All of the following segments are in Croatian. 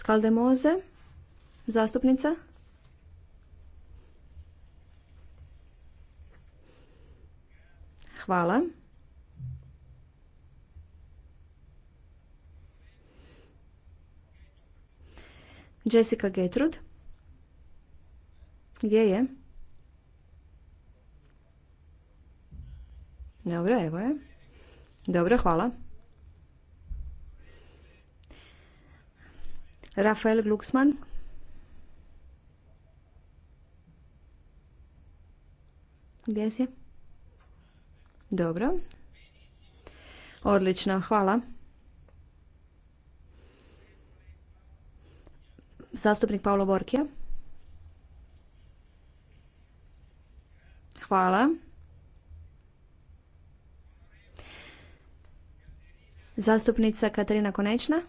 Skaldemoze, zastupnica. Hvala. Jessica Getrud. Gdje je? Dobro, evo je. Dobro, hvala. Rafael Glucksmann. Gdje si? Dobro. Odlično, hvala. Zastupnik Paolo Borkija. Hvala. Zastupnica Katarina Konečna.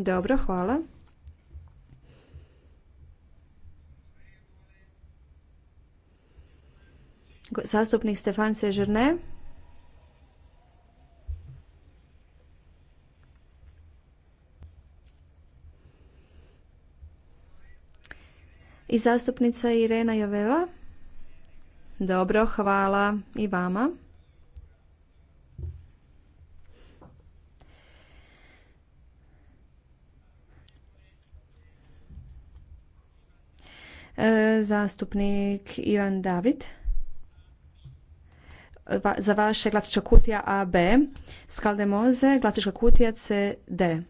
Dobro, hvala. Zastupnik Stefan Sežerne. I zastupnica Irena Joveva. Dobro, hvala i vama. E, zastupnik Ivan David. za vaše glasička kutija AB, Moze, glasička kutija D.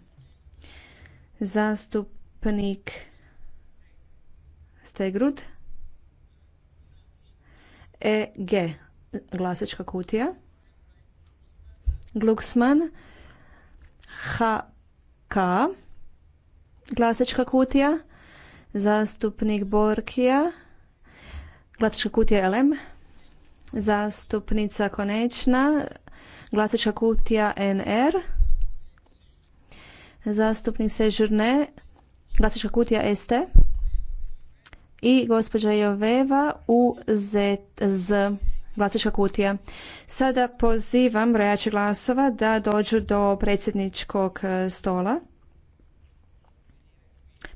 Zastupnik Stegrud, EG, glasička kutija. Gluksman HK, glasička kutija zastupnik Borkija, glasačka kutija LM, zastupnica Konečna, glasačka kutija NR, zastupnik Sežurne, glasačka kutija ST i gospođa Joveva u Z, kutija. Sada pozivam brojače glasova da dođu do predsjedničkog stola.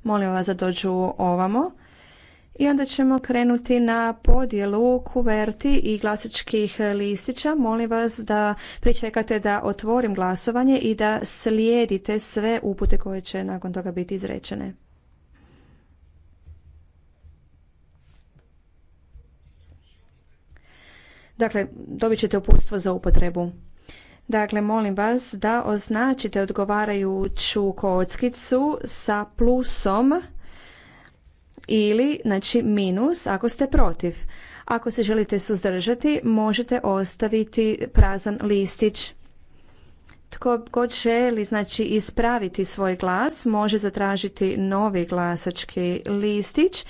Molim vas da dođu ovamo. I onda ćemo krenuti na podjelu kuverti i glasačkih listića. Molim vas da pričekate da otvorim glasovanje i da slijedite sve upute koje će nakon toga biti izrečene. Dakle, dobit ćete uputstvo za upotrebu. Dakle, molim vas da označite odgovarajuću kockicu sa plusom ili znači minus ako ste protiv. Ako se želite suzdržati, možete ostaviti prazan listić. Tko god želi znači ispraviti svoj glas, može zatražiti novi glasački listić.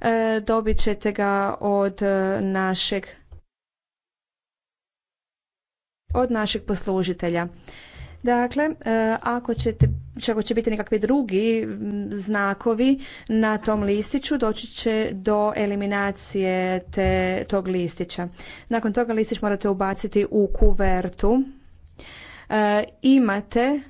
E, dobit ćete ga od e, našeg od našeg poslužitelja. Dakle, e, ako ćete, će biti nekakvi drugi znakovi na tom listiću, doći će do eliminacije te, tog listića. Nakon toga listić morate ubaciti u kuvertu. E, imate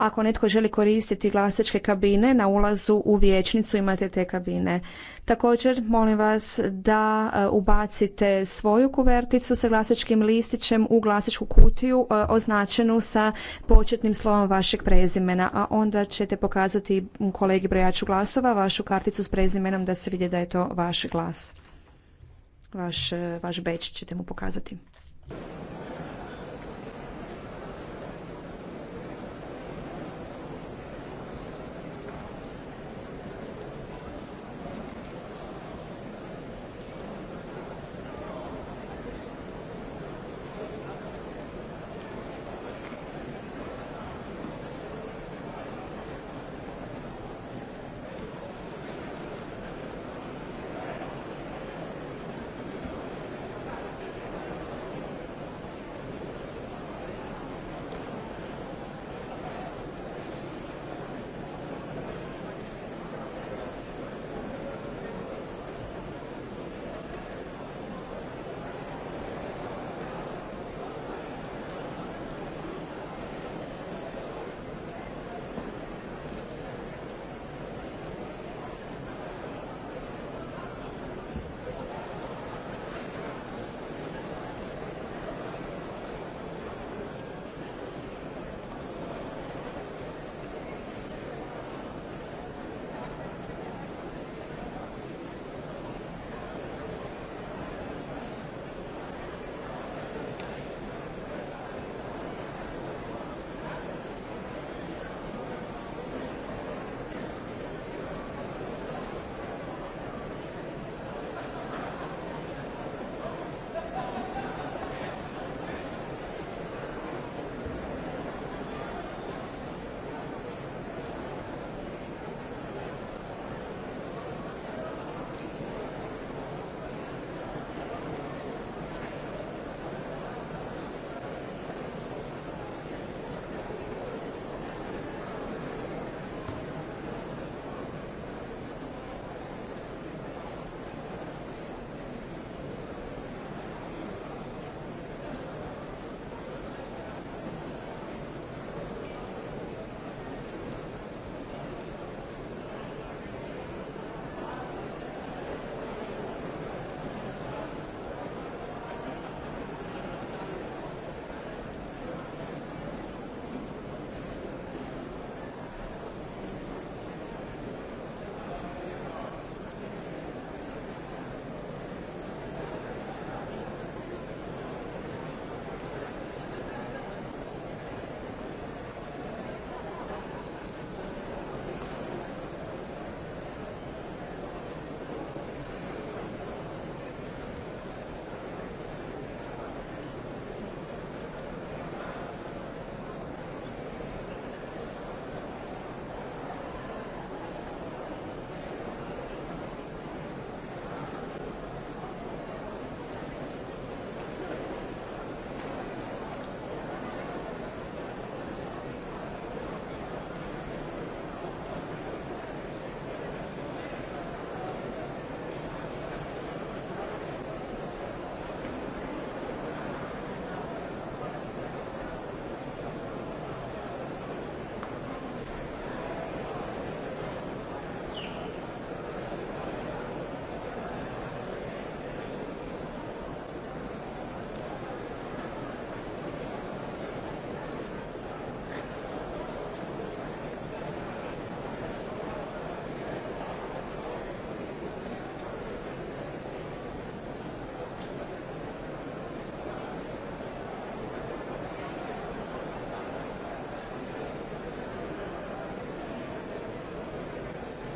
ako netko želi koristiti glasačke kabine na ulazu u vijećnicu imate te kabine. Također molim vas da e, ubacite svoju kuverticu sa glasačkim listićem u glasačku kutiju e, označenu sa početnim slovom vašeg prezimena, a onda ćete pokazati kolegi brojaču glasova vašu karticu s prezimenom da se vidi da je to vaš glas. Vaš, e, vaš beč ćete mu pokazati.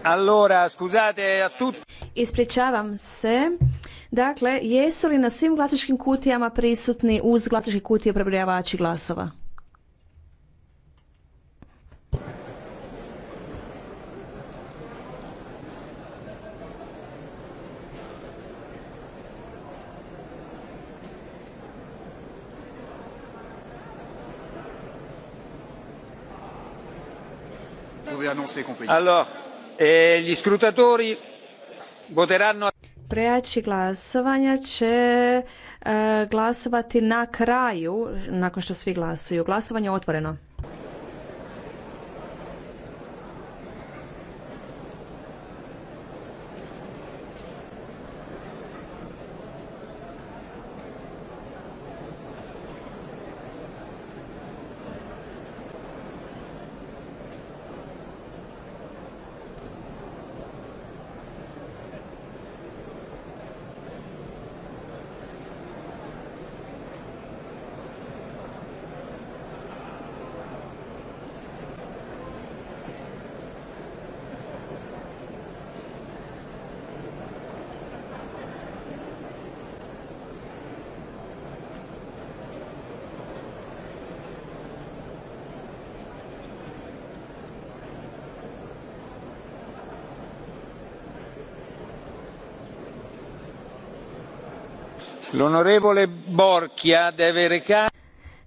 Allora, scusate a tutti. Ispričavam se. Dakle, jesu li na svim glasačkim kutijama prisutni uz glasačke kutije prebrojavači glasova? Alors, Prijači e, Prejači glasovanja će e, glasovati na kraju, nakon što svi glasuju. Glasovanje je otvoreno.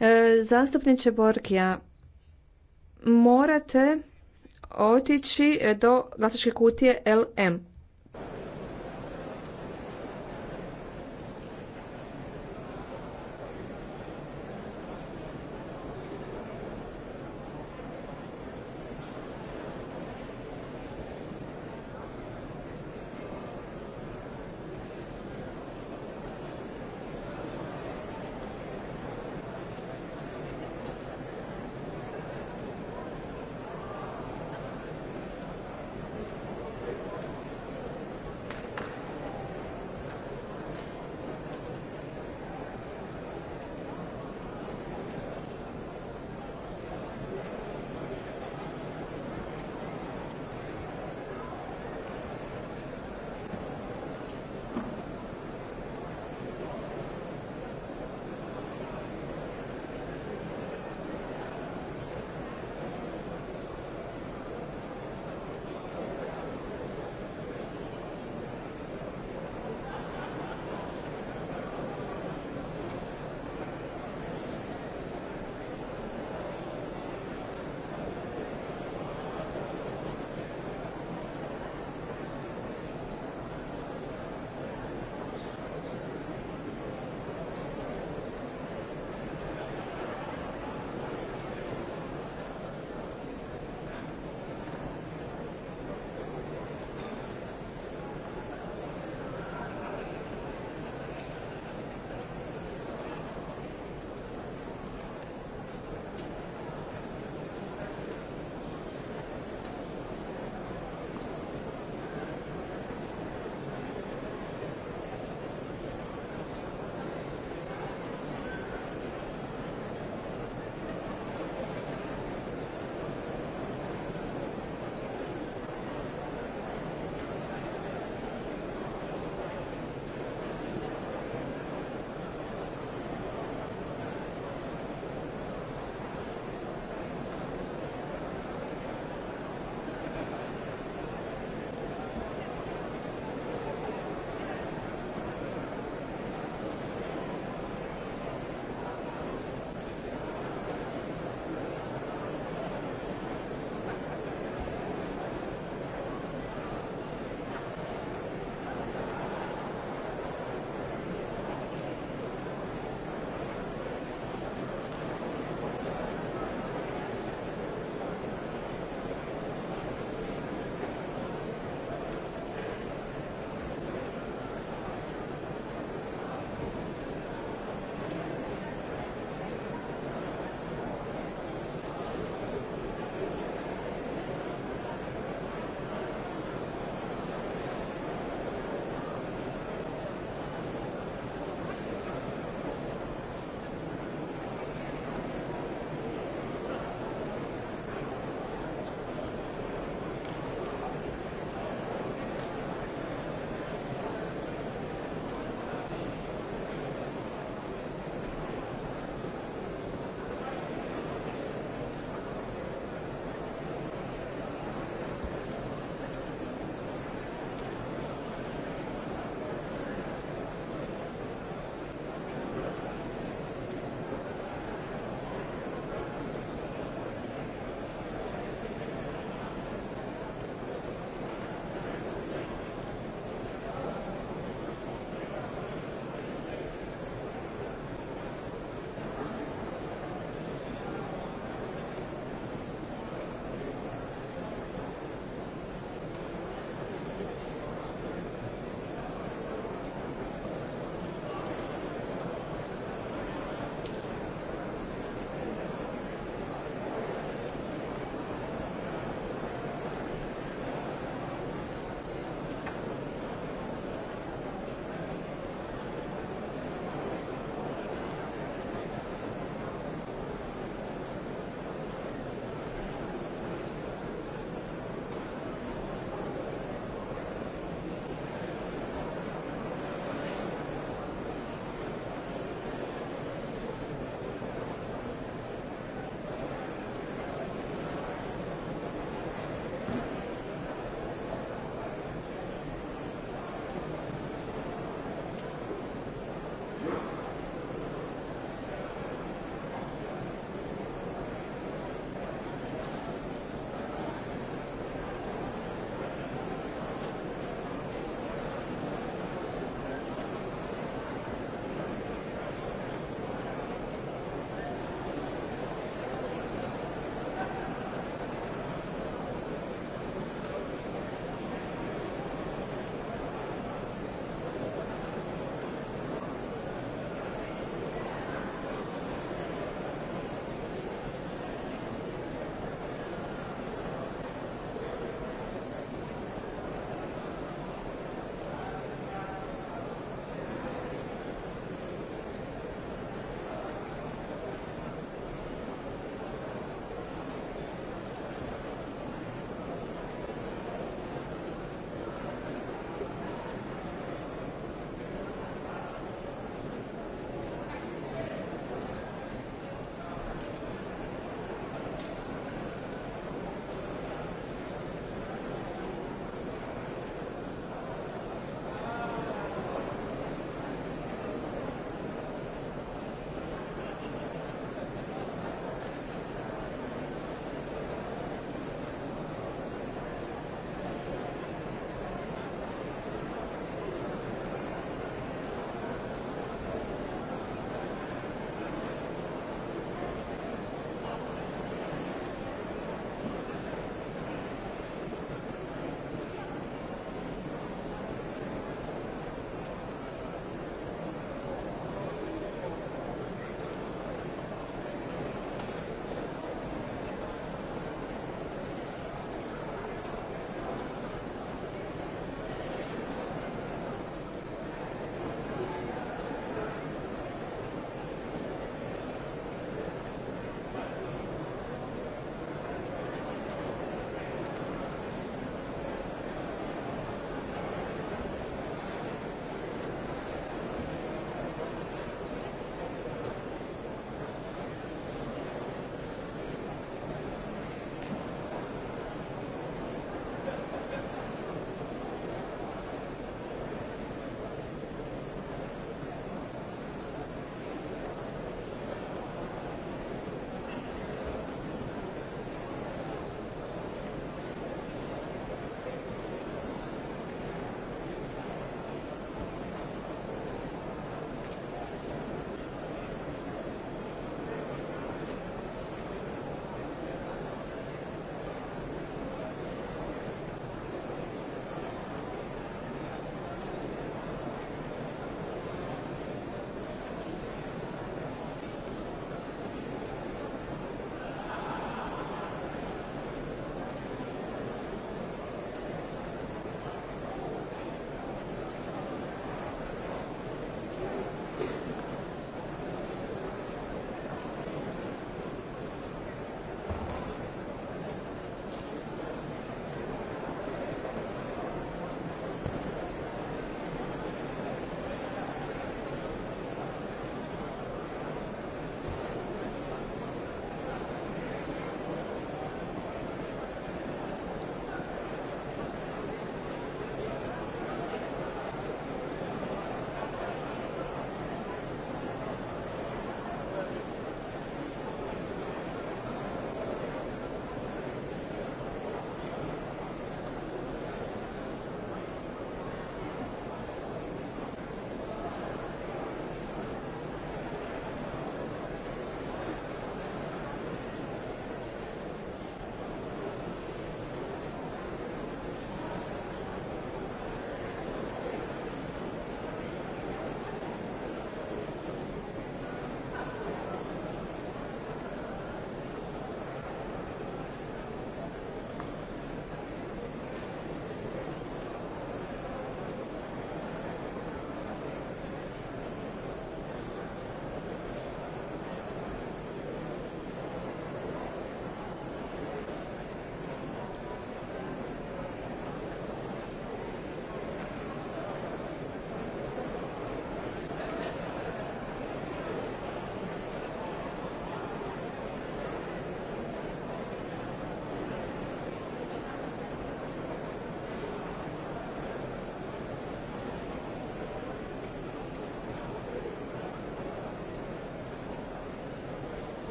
E, zastupniče Borkija, morate otići do glasačke kutije LM.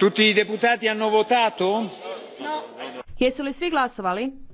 Tutti i deputati hanno votato? No. Jesu li svi glasovali?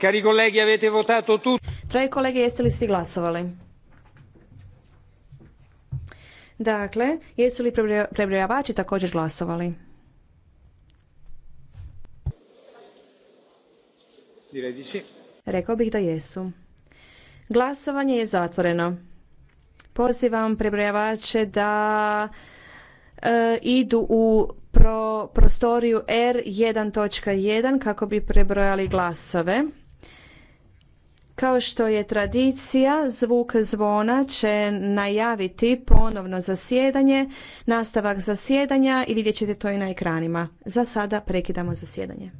Cari Dragi kolege, jeste li svi glasovali? Dakle, jesu li prebrojavači također glasovali? Rekao bih da jesu. Glasovanje je zatvoreno. Pozivam prebrojavače da e, idu u prostoriju R1.1 kako bi prebrojali glasove. Kao što je tradicija, zvuk zvona će najaviti ponovno zasjedanje, nastavak zasjedanja i vidjet ćete to i na ekranima. Za sada prekidamo zasjedanje.